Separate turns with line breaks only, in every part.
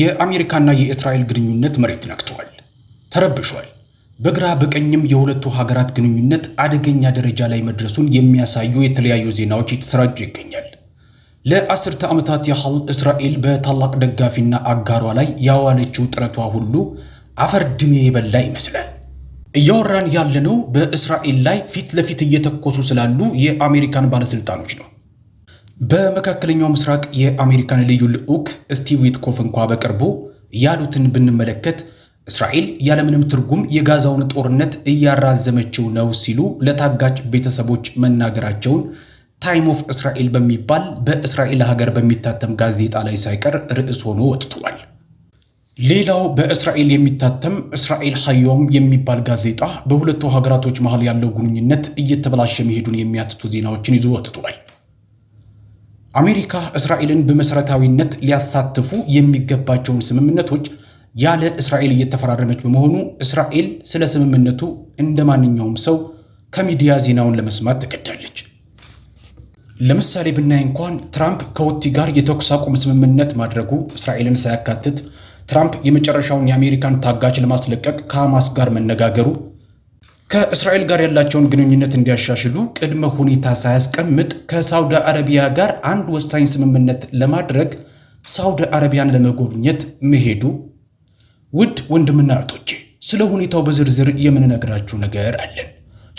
የአሜሪካና የእስራኤል ግንኙነት መሬት ነክቷል፣ ተረብሿል። በግራ በቀኝም የሁለቱ ሀገራት ግንኙነት አደገኛ ደረጃ ላይ መድረሱን የሚያሳዩ የተለያዩ ዜናዎች እየተሰራጩ ይገኛል። ለአስርተ ዓመታት ያህል እስራኤል በታላቅ ደጋፊና አጋሯ ላይ ያዋለችው ጥረቷ ሁሉ አፈር ድሜ የበላ ይመስላል። እያወራን ያለነው በእስራኤል ላይ ፊት ለፊት እየተኮሱ ስላሉ የአሜሪካን ባለሥልጣኖች ነው። በመካከለኛው ምስራቅ የአሜሪካን ልዩ ልዑክ ስቲቭ ዊትኮፍ እንኳ በቅርቡ ያሉትን ብንመለከት እስራኤል ያለምንም ትርጉም የጋዛውን ጦርነት እያራዘመችው ነው ሲሉ ለታጋጭ ቤተሰቦች መናገራቸውን ታይም ኦፍ እስራኤል በሚባል በእስራኤል ሀገር በሚታተም ጋዜጣ ላይ ሳይቀር ርዕስ ሆኖ ወጥቷል። ሌላው በእስራኤል የሚታተም እስራኤል ሀዮም የሚባል ጋዜጣ በሁለቱ ሀገራቶች መሀል ያለው ግንኙነት እየተበላሸ መሄዱን የሚያትቱ ዜናዎችን ይዞ ወጥቷል። አሜሪካ እስራኤልን በመሰረታዊነት ሊያሳትፉ የሚገባቸውን ስምምነቶች ያለ እስራኤል እየተፈራረመች በመሆኑ እስራኤል ስለ ስምምነቱ እንደ ማንኛውም ሰው ከሚዲያ ዜናውን ለመስማት ትገዳለች። ለምሳሌ ብናይ እንኳን ትራምፕ ከወቲ ጋር የተኩስ አቁም ስምምነት ማድረጉ እስራኤልን ሳያካትት፣ ትራምፕ የመጨረሻውን የአሜሪካን ታጋች ለማስለቀቅ ከሐማስ ጋር መነጋገሩ ከእስራኤል ጋር ያላቸውን ግንኙነት እንዲያሻሽሉ ቅድመ ሁኔታ ሳያስቀምጥ ከሳውዲ አረቢያ ጋር አንድ ወሳኝ ስምምነት ለማድረግ ሳውዲ አረቢያን ለመጎብኘት መሄዱ። ውድ ወንድምና እህቶቼ ስለ ሁኔታው በዝርዝር የምንነግራችሁ ነገር አለን።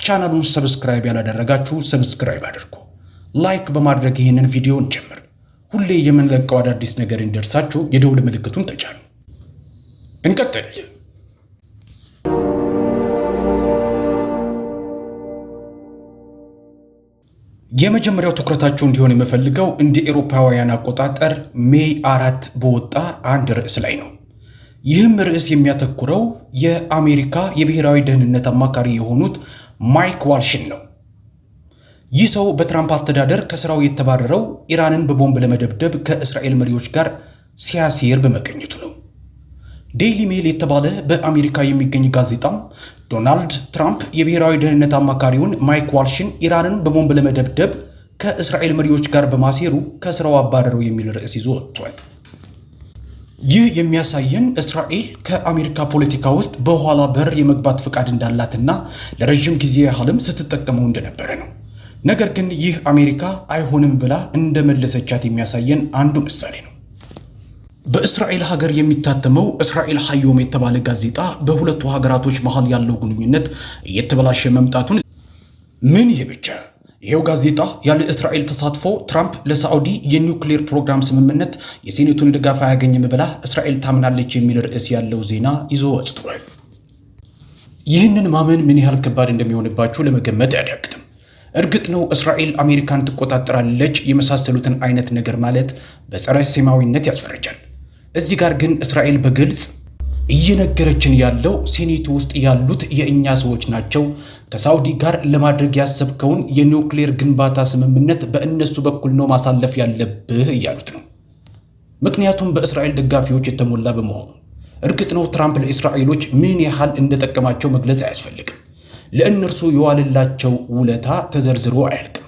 ቻናሉን ሰብስክራይብ ያላደረጋችሁ ሰብስክራይብ አድርጉ። ላይክ በማድረግ ይህንን ቪዲዮ እንጀምር። ሁሌ የምንለቀው አዳዲስ ነገር እንዲደርሳችሁ የደውል ምልክቱን ተጫኑ። እንቀጥል። የመጀመሪያው ትኩረታቸው እንዲሆን የምፈልገው እንደ ኤሮፓውያን አቆጣጠር ሜይ አራት በወጣ አንድ ርዕስ ላይ ነው። ይህም ርዕስ የሚያተኩረው የአሜሪካ የብሔራዊ ደህንነት አማካሪ የሆኑት ማይክ ዋልሽን ነው። ይህ ሰው በትራምፕ አስተዳደር ከስራው የተባረረው ኢራንን በቦምብ ለመደብደብ ከእስራኤል መሪዎች ጋር ሲያሴር በመገኘቱ ነው። ዴይሊ ሜል የተባለ በአሜሪካ የሚገኝ ጋዜጣ ዶናልድ ትራምፕ የብሔራዊ ደህንነት አማካሪውን ማይክ ዋልሽን ኢራንን በቦምብ ለመደብደብ ከእስራኤል መሪዎች ጋር በማሴሩ ከስራው አባረሩ የሚል ርዕስ ይዞ ወጥቷል። ይህ የሚያሳየን እስራኤል ከአሜሪካ ፖለቲካ ውስጥ በኋላ በር የመግባት ፈቃድ እንዳላትና ለረዥም ጊዜ ያህልም ስትጠቀመው እንደነበረ ነው። ነገር ግን ይህ አሜሪካ አይሆንም ብላ እንደመለሰቻት የሚያሳየን አንዱ ምሳሌ ነው። በእስራኤል ሀገር የሚታተመው እስራኤል ሀዮም የተባለ ጋዜጣ በሁለቱ ሀገራቶች መሀል ያለው ግንኙነት እየተበላሸ መምጣቱን ምን ይህ ብቻ ይኸው ጋዜጣ ያለ እስራኤል ተሳትፎ ትራምፕ ለሳዑዲ የኒውክሌር ፕሮግራም ስምምነት የሴኔቱን ድጋፍ አያገኝም ብላ እስራኤል ታምናለች የሚል ርዕስ ያለው ዜና ይዞ ወጥቷል። ይህንን ማመን ምን ያህል ከባድ እንደሚሆንባችሁ ለመገመት አያዳግትም። እርግጥ ነው እስራኤል አሜሪካን ትቆጣጠራለች የመሳሰሉትን አይነት ነገር ማለት በጸረ ሴማዊነት ያስፈርጃል። እዚህ ጋር ግን እስራኤል በግልጽ እየነገረችን ያለው ሴኔቱ ውስጥ ያሉት የእኛ ሰዎች ናቸው። ከሳውዲ ጋር ለማድረግ ያሰብከውን የኒውክሌር ግንባታ ስምምነት በእነሱ በኩል ነው ማሳለፍ ያለብህ እያሉት ነው። ምክንያቱም በእስራኤል ደጋፊዎች የተሞላ በመሆኑ እርግጥ ነው ትራምፕ ለእስራኤሎች ምን ያህል እንደጠቀማቸው መግለጽ አያስፈልግም። ለእነርሱ የዋለላቸው ውለታ ተዘርዝሮ አያልቅም።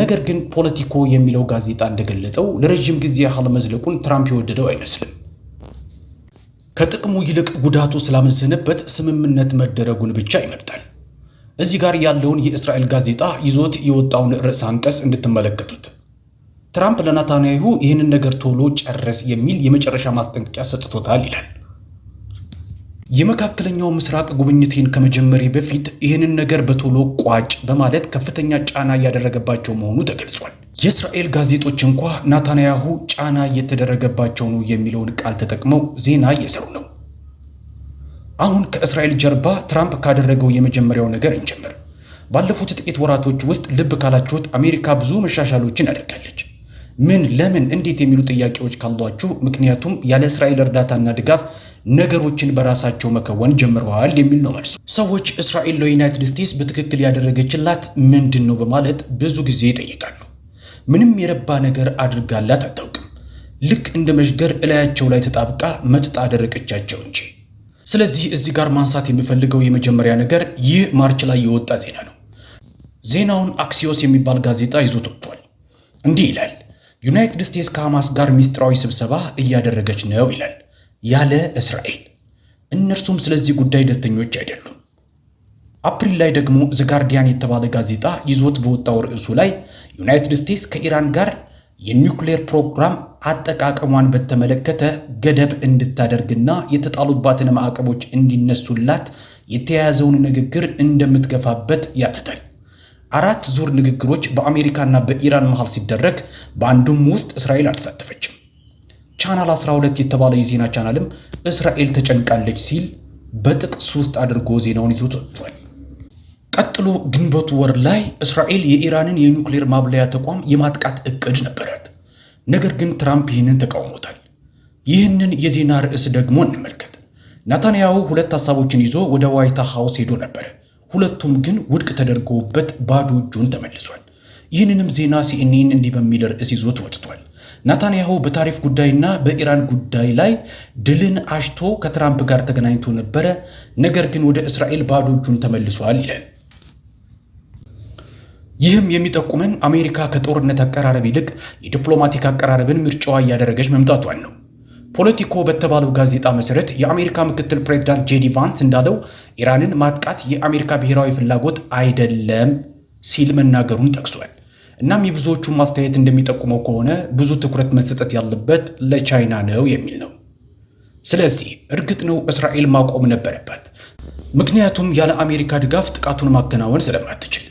ነገር ግን ፖለቲኮ የሚለው ጋዜጣ እንደገለጠው ለረዥም ጊዜ ያህል መዝለቁን ትራምፕ የወደደው አይመስልም። ከጥቅሙ ይልቅ ጉዳቱ ስላመዘነበት ስምምነት መደረጉን ብቻ ይመርጣል። እዚህ ጋር ያለውን የእስራኤል ጋዜጣ ይዞት የወጣውን ርዕስ አንቀጽ እንድትመለከቱት ትራምፕ ለናታንያሁ ይህንን ነገር ቶሎ ጨረስ የሚል የመጨረሻ ማስጠንቀቂያ ሰጥቶታል ይላል። የመካከለኛው ምስራቅ ጉብኝቴን ከመጀመሬ በፊት ይህንን ነገር በቶሎ ቋጭ በማለት ከፍተኛ ጫና እያደረገባቸው መሆኑ ተገልጿል። የእስራኤል ጋዜጦች እንኳ ናታንያሁ ጫና እየተደረገባቸው ነው የሚለውን ቃል ተጠቅመው ዜና እየሰሩ ነው። አሁን ከእስራኤል ጀርባ ትራምፕ ካደረገው የመጀመሪያው ነገር እንጀምር። ባለፉት ጥቂት ወራቶች ውስጥ ልብ ካላችሁት አሜሪካ ብዙ መሻሻሎችን አድርጋለች። ምን፣ ለምን፣ እንዴት የሚሉ ጥያቄዎች ካሏችሁ፣ ምክንያቱም ያለ እስራኤል እርዳታና ድጋፍ ነገሮችን በራሳቸው መከወን ጀምረዋል የሚል ነው መልሱ። ሰዎች እስራኤል ለዩናይትድ ስቴትስ በትክክል ያደረገችላት ምንድን ነው በማለት ብዙ ጊዜ ይጠይቃሉ። ምንም የረባ ነገር አድርጋላት አታውቅም። ልክ እንደ መዥገር እላያቸው ላይ ተጣብቃ መጥጣ አደረቀቻቸው እንጂ። ስለዚህ እዚህ ጋር ማንሳት የሚፈልገው የመጀመሪያ ነገር ይህ ማርች ላይ የወጣ ዜና ነው። ዜናውን አክሲዮስ የሚባል ጋዜጣ ይዞት ወጥቷል። እንዲህ ይላል ዩናይትድ ስቴትስ ከሐማስ ጋር ሚስጥራዊ ስብሰባ እያደረገች ነው ይላል ያለ እስራኤል። እነርሱም ስለዚህ ጉዳይ ደስተኞች አይደሉም። አፕሪል ላይ ደግሞ ዘጋርዲያን የተባለ ጋዜጣ ይዞት በወጣው ርዕሱ ላይ ዩናይትድ ስቴትስ ከኢራን ጋር የኒውክሌር ፕሮግራም አጠቃቀሟን በተመለከተ ገደብ እንድታደርግና የተጣሉባትን ማዕቀቦች እንዲነሱላት የተያያዘውን ንግግር እንደምትገፋበት ያትታል። አራት ዙር ንግግሮች በአሜሪካና በኢራን መሃል ሲደረግ በአንዱም ውስጥ እስራኤል አልተሳተፈችም። ቻናል 12 የተባለ የዜና ቻናልም እስራኤል ተጨንቃለች ሲል በጥቅስ ውስጥ አድርጎ ዜናውን ይዞ ወጥቷል። ቀጥሎ ግንቦት ወር ላይ እስራኤል የኢራንን የኒውክሌር ማብለያ ተቋም የማጥቃት እቅድ ነበራት። ነገር ግን ትራምፕ ይህንን ተቃውሞታል። ይህንን የዜና ርዕስ ደግሞ እንመልከት። ናታንያሁ ሁለት ሀሳቦችን ይዞ ወደ ዋይታ ሃውስ ሄዶ ነበር። ሁለቱም ግን ውድቅ ተደርገውበት ባዶ እጁን ተመልሷል። ይህንንም ዜና ሲኤንኤን እንዲህ በሚል ርዕስ ይዞት ወጥቷል። ናታንያሁ በታሪፍ ጉዳይና በኢራን ጉዳይ ላይ ድልን አሽቶ ከትራምፕ ጋር ተገናኝቶ ነበረ፣ ነገር ግን ወደ እስራኤል ባዶ እጁን ተመልሷል ይላል። ይህም የሚጠቁመን አሜሪካ ከጦርነት አቀራረብ ይልቅ የዲፕሎማቲክ አቀራረብን ምርጫዋ እያደረገች መምጣቷን ነው። ፖለቲኮ በተባለው ጋዜጣ መሰረት የአሜሪካ ምክትል ፕሬዚዳንት ጄዲ ቫንስ እንዳለው ኢራንን ማጥቃት የአሜሪካ ብሔራዊ ፍላጎት አይደለም ሲል መናገሩን ጠቅሷል። እናም የብዙዎቹ ማስተያየት እንደሚጠቁመው ከሆነ ብዙ ትኩረት መሰጠት ያለበት ለቻይና ነው የሚል ነው። ስለዚህ እርግጥ ነው እስራኤል ማቆም ነበረበት ምክንያቱም ያለ አሜሪካ ድጋፍ ጥቃቱን ማከናወን ስለማትችል።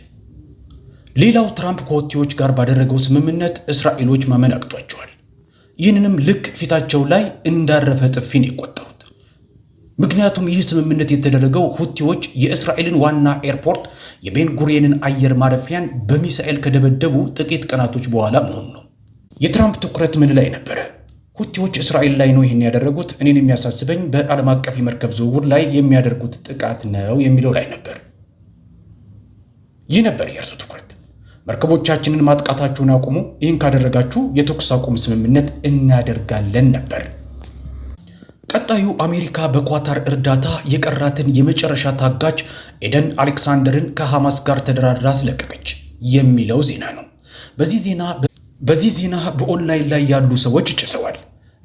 ሌላው ትራምፕ ከሁቲዎች ጋር ባደረገው ስምምነት እስራኤሎች ማመን አቅቷቸዋል። ይህንንም ልክ ፊታቸው ላይ እንዳረፈ ጥፊ ነው የቆጠሩት። ምክንያቱም ይህ ስምምነት የተደረገው ሁቲዎች የእስራኤልን ዋና ኤርፖርት የቤንጉሪየንን አየር ማረፊያን በሚሳኤል ከደበደቡ ጥቂት ቀናቶች በኋላ መሆኑ ነው። የትራምፕ ትኩረት ምን ላይ ነበረ? ሁቲዎች እስራኤል ላይ ነው ይህን ያደረጉት፣ እኔን የሚያሳስበኝ በዓለም አቀፍ የመርከብ ዝውውር ላይ የሚያደርጉት ጥቃት ነው የሚለው ላይ ነበር። ይህ ነበር የእርሱ ትኩረት። መርከቦቻችንን ማጥቃታችሁን አቁሙ፣ ይህን ካደረጋችሁ የተኩስ አቁም ስምምነት እናደርጋለን ነበር። ቀጣዩ አሜሪካ በኳታር እርዳታ የቀራትን የመጨረሻ ታጋች ኤደን አሌክሳንደርን ከሐማስ ጋር ተደራድራ አስለቀቀች የሚለው ዜና ነው። በዚህ ዜና በኦንላይን ላይ ያሉ ሰዎች ጭሰዋል።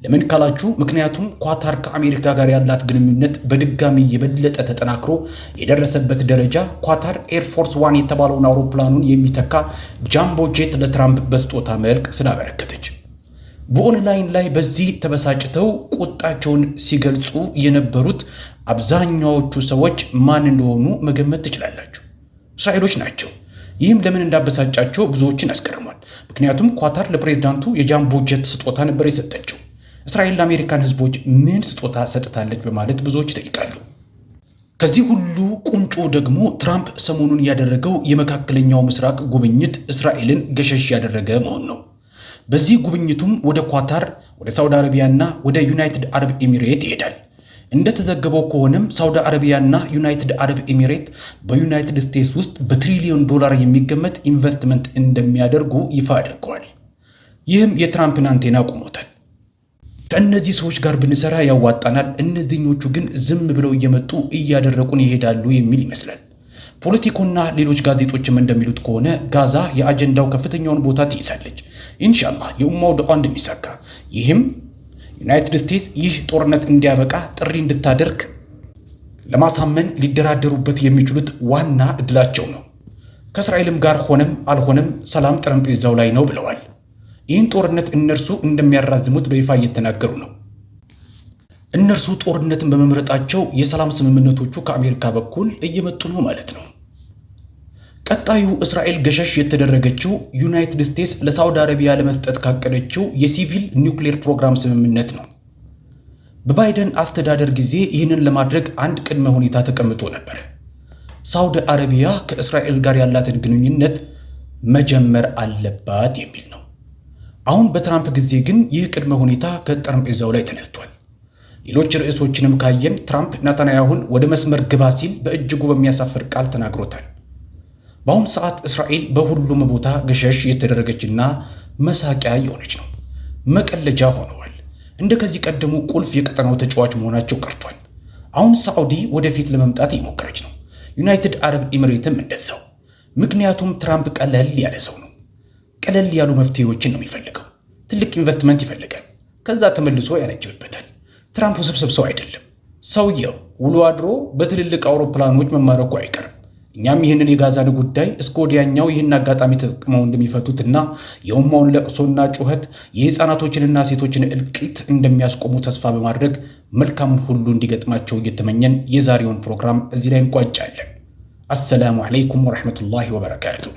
ለምን ካላችሁ ምክንያቱም ኳታር ከአሜሪካ ጋር ያላት ግንኙነት በድጋሚ የበለጠ ተጠናክሮ የደረሰበት ደረጃ ኳታር ኤርፎርስ ዋን የተባለውን አውሮፕላኑን የሚተካ ጃምቦ ጄት ለትራምፕ በስጦታ መልክ ስላበረከተች። በኦንላይን ላይ በዚህ ተበሳጭተው ቁጣቸውን ሲገልጹ የነበሩት አብዛኛዎቹ ሰዎች ማን እንደሆኑ መገመት ትችላላችሁ። እስራኤሎች ናቸው። ይህም ለምን እንዳበሳጫቸው ብዙዎችን ያስገርሟል። ምክንያቱም ኳታር ለፕሬዝዳንቱ የጃምቦ ስጦታ ነበር የሰጠችው። እስራኤል ለአሜሪካን ህዝቦች ምን ስጦታ ሰጥታለች በማለት ብዙዎች ይጠይቃሉ። ከዚህ ሁሉ ቁንጮ ደግሞ ትራምፕ ሰሞኑን ያደረገው የመካከለኛው ምስራቅ ጉብኝት እስራኤልን ገሸሽ ያደረገ መሆን ነው። በዚህ ጉብኝቱም ወደ ኳታር፣ ወደ ሳውዲ አረቢያና ወደ ዩናይትድ አረብ ኤሚሬት ይሄዳል። እንደተዘገበው ከሆነም ሳውዲ አረቢያና ዩናይትድ አረብ ኤሚሬት በዩናይትድ ስቴትስ ውስጥ በትሪሊዮን ዶላር የሚገመት ኢንቨስትመንት እንደሚያደርጉ ይፋ አድርገዋል። ይህም የትራምፕን አንቴና ቁሞታል። ከእነዚህ ሰዎች ጋር ብንሰራ ያዋጣናል፣ እነዚህኞቹ ግን ዝም ብለው እየመጡ እያደረቁን ይሄዳሉ የሚል ይመስላል። ፖለቲኮና ሌሎች ጋዜጦችም እንደሚሉት ከሆነ ጋዛ የአጀንዳው ከፍተኛውን ቦታ ትይዛለች። ኢንሻላ የኡማው ድቋ እንደሚሳካ ይህም ዩናይትድ ስቴትስ ይህ ጦርነት እንዲያበቃ ጥሪ እንድታደርግ ለማሳመን ሊደራደሩበት የሚችሉት ዋና እድላቸው ነው። ከእስራኤልም ጋር ሆነም አልሆነም ሰላም ጠረጴዛው ላይ ነው ብለዋል። ይህን ጦርነት እነርሱ እንደሚያራዝሙት በይፋ እየተናገሩ ነው። እነርሱ ጦርነትን በመምረጣቸው የሰላም ስምምነቶቹ ከአሜሪካ በኩል እየመጡ ነው ማለት ነው። ቀጣዩ እስራኤል ገሸሽ የተደረገችው ዩናይትድ ስቴትስ ለሳውዲ አረቢያ ለመስጠት ካቀደችው የሲቪል ኒውክሌር ፕሮግራም ስምምነት ነው። በባይደን አስተዳደር ጊዜ ይህንን ለማድረግ አንድ ቅድመ ሁኔታ ተቀምጦ ነበር። ሳውዲ አረቢያ ከእስራኤል ጋር ያላትን ግንኙነት መጀመር አለባት የሚል ነው። አሁን በትራምፕ ጊዜ ግን ይህ ቅድመ ሁኔታ ከጠረጴዛው ላይ ተነስቷል። ሌሎች ርዕሶችንም ካየን ትራምፕ ናታንያሁን ወደ መስመር ግባ ሲል በእጅጉ በሚያሳፍር ቃል ተናግሮታል። በአሁኑ ሰዓት እስራኤል በሁሉም ቦታ ገሸሽ የተደረገችና መሳቂያ የሆነች ነው፣ መቀለጃ ሆነዋል። እንደ ከዚህ ቀደሙ ቁልፍ የቀጠናው ተጫዋች መሆናቸው ቀርቷል። አሁን ሳዑዲ ወደፊት ለመምጣት የሞከረች ነው፣ ዩናይትድ አረብ ኤሚሬትም እንደዛው። ምክንያቱም ትራምፕ ቀለል ያለ ሰው ነው። ቀለል ያሉ መፍትሄዎችን ነው የሚፈልገው። ትልቅ ኢንቨስትመንት ይፈልጋል። ከዛ ተመልሶ ያነጅብበታል። ትራምፕ ውስብስብ ሰው አይደለም። ሰውየው ውሎ አድሮ በትልልቅ አውሮፕላኖች መማረኩ አይቀርም። እኛም ይህንን የጋዛን ጉዳይ እስከ ወዲያኛው ይህን አጋጣሚ ተጠቅመው እንደሚፈቱትና የውማውን ለቅሶና ጩኸት የሕፃናቶችንና ሴቶችን እልቂት እንደሚያስቆሙ ተስፋ በማድረግ መልካምን ሁሉ እንዲገጥማቸው እየተመኘን የዛሬውን ፕሮግራም እዚህ ላይ እንቋጫለን። አሰላሙ ዓለይኩም ወረሕመቱላሂ ወበረካቱ።